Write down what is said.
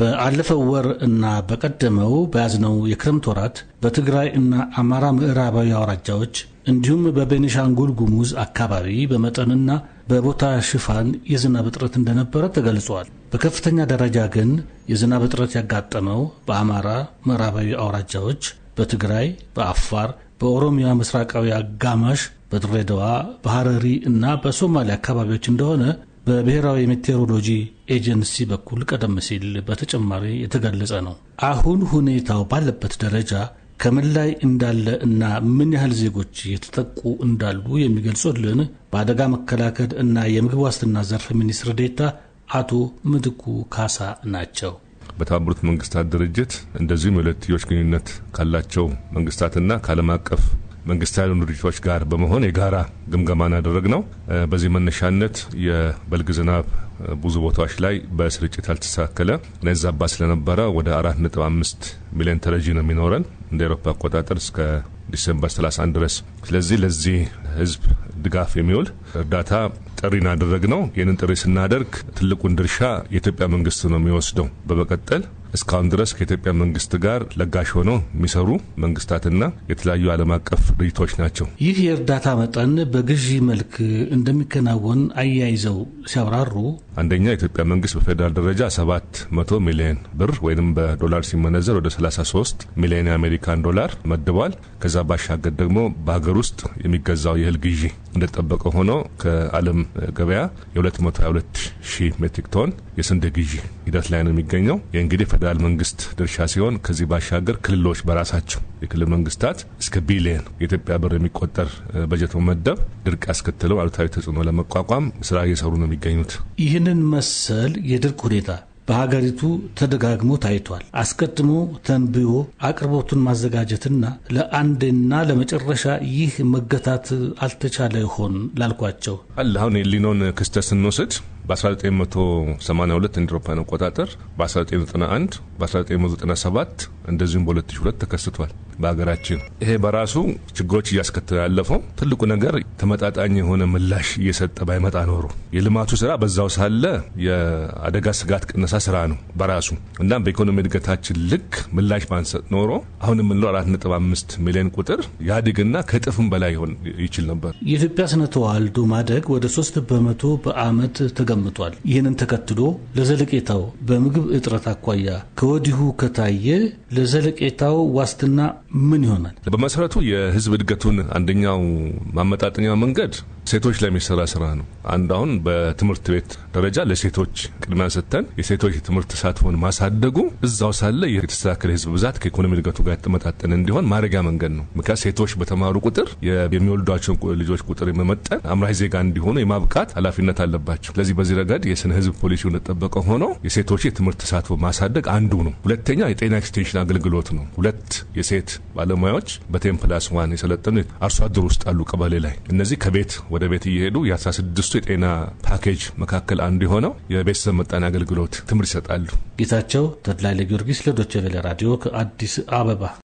በአለፈው ወር እና በቀደመው በያዝነው የክረምት ወራት በትግራይ እና አማራ ምዕራባዊ አውራጃዎች እንዲሁም በቤኒሻንጉል ጉሙዝ አካባቢ በመጠንና በቦታ ሽፋን የዝናብ እጥረት እንደነበረ ተገልጿል። በከፍተኛ ደረጃ ግን የዝናብ እጥረት ያጋጠመው በአማራ ምዕራባዊ አውራጃዎች፣ በትግራይ፣ በአፋር፣ በኦሮሚያ ምስራቃዊ አጋማሽ፣ በድሬዳዋ፣ በሐረሪ እና በሶማሌ አካባቢዎች እንደሆነ በብሔራዊ ሜቴሮሎጂ ኤጀንሲ በኩል ቀደም ሲል በተጨማሪ የተገለጸ ነው። አሁን ሁኔታው ባለበት ደረጃ ከምን ላይ እንዳለ እና ምን ያህል ዜጎች የተጠቁ እንዳሉ የሚገልጹልን በአደጋ መከላከል እና የምግብ ዋስትና ዘርፍ ሚኒስትር ዴታ አቶ ምትኩ ካሳ ናቸው። በተባበሩት መንግስታት ድርጅት እንደዚሁም የሁለትዮሽ ግንኙነት ካላቸው መንግስታትና ከዓለም አቀፍ መንግስታዊ ድርጅቶች ጋር በመሆን የጋራ ግምገማን ያደረግ ነው። በዚህ መነሻነት የበልግ ዝናብ ብዙ ቦታዎች ላይ በስርጭት ያልተስተካከለ ነዛባ ስለነበረ ወደ 4.5 ሚሊዮን ተረጂ ነው የሚኖረን እንደ ኤሮፓ አቆጣጠር እስከ ዲሴምበር 31 ድረስ። ስለዚህ ለዚህ ህዝብ ድጋፍ የሚውል እርዳታ ጥሪ እናደረግ ነው። ይህንን ጥሪ ስናደርግ ትልቁን ድርሻ የኢትዮጵያ መንግስት ነው የሚወስደው። በመቀጠል እስካሁን ድረስ ከኢትዮጵያ መንግስት ጋር ለጋሽ ሆነው የሚሰሩ መንግስታትና የተለያዩ ዓለም አቀፍ ድርጅቶች ናቸው። ይህ የእርዳታ መጠን በግዢ መልክ እንደሚከናወን አያይዘው ሲያብራሩ አንደኛ የኢትዮጵያ መንግስት በፌዴራል ደረጃ 700 ሚሊዮን ብር ወይም በዶላር ሲመነዘር ወደ 33 ሚሊዮን የአሜሪካን ዶላር መድቧል። ከዛ ባሻገር ደግሞ በሀገር ውስጥ የሚገዛው የእህል ግዢ እንደጠበቀ ሆኖ ከዓለም ገበያ የ222 ሺህ ሜትሪክ ቶን የስንዴ ግዢ ሂደት ላይ ነው የሚገኘው። ይህ እንግዲህ ፌዴራል መንግስት ድርሻ ሲሆን ከዚህ ባሻገር ክልሎች በራሳቸው የክልል መንግስታት እስከ ቢሊየን የኢትዮጵያ ብር የሚቆጠር በጀት መመደብ ድርቅ ያስከትለው አሉታዊ ተጽዕኖ ለመቋቋም ስራ እየሰሩ ነው የሚገኙት። ይህንን መሰል የድርቅ ሁኔታ በሀገሪቱ ተደጋግሞ ታይቷል። አስቀድሞ ተንብዮ አቅርቦቱን ማዘጋጀትና ለአንዴና ለመጨረሻ ይህ መገታት አልተቻለ ይሆን ላልኳቸው አለ። አሁን የሊኖን ክስተት ስንወስድ በ1982 እንደ አውሮፓውያን አቆጣጠር በ1991 በ1997 እንደዚሁም በ2002 ተከስቷል በሀገራችን። ይሄ በራሱ ችግሮች እያስከተለ ያለፈው ትልቁ ነገር ተመጣጣኝ የሆነ ምላሽ እየሰጠ ባይመጣ ኖሮ የልማቱ ስራ በዛው ሳለ የአደጋ ስጋት ቅነሳ ስራ ነው በራሱ እናም በኢኮኖሚ እድገታችን ልክ ምላሽ ባንሰጥ ኖሮ አሁን የምንለው 4.5 ሚሊዮን ቁጥር ያድግና ከእጥፍም በላይ ሆን ይችል ነበር። የኢትዮጵያ ስነ ተዋልዶ ማደግ ወደ ሶስት በመቶ በአመት ተገምቷል። ይህንን ተከትሎ ለዘለቄታው በምግብ እጥረት አኳያ ከወዲሁ ከታየ ለዘለቄታው ዋስትና ምን ይሆናል? በመሰረቱ የህዝብ እድገቱን አንደኛው ማመጣጠኛ መንገድ ሴቶች የሚሰራ ስራ ነው። አንድ አሁን በትምህርት ቤት ደረጃ ለሴቶች ቅድሚያ ሰጥተን የሴቶች የትምህርት ተሳትፎን ማሳደጉ እዛው ሳለ የተስተካከለ ህዝብ ብዛት ከኢኮኖሚ እድገቱ ጋር የተመጣጠነ እንዲሆን ማድረጊያ መንገድ ነው። ምክንያት ሴቶች በተማሩ ቁጥር የሚወልዷቸውን ልጆች ቁጥር የመመጠን አምራች ዜጋ እንዲሆኑ የማብቃት ኃላፊነት አለባቸው። ስለዚህ በዚህ ረገድ የስነ ህዝብ ፖሊሲ እንደጠበቀ ሆኖ የሴቶች የትምህርት ተሳትፎ ማሳደግ አንዱ ነው። ሁለተኛ የጤና ኤክስቴንሽን አገልግሎት ነው። ሁለት የሴት ባለሙያዎች በቴን ፕላስ ዋን የሰለጠኑ አርሶ አደር ውስጥ አሉ ቀበሌ ላይ። እነዚህ ከቤት ወደ ቤት እየሄዱ የ16ቱ የጤና ፓኬጅ መካከል አንዱ የሆነው የቤተሰብ መጣኔ አገልግሎት ትምህርት ይሰጣሉ። ጌታቸው ተድላይ ለጊዮርጊስ ለዶቸቬለ ራዲዮ ከአዲስ አበባ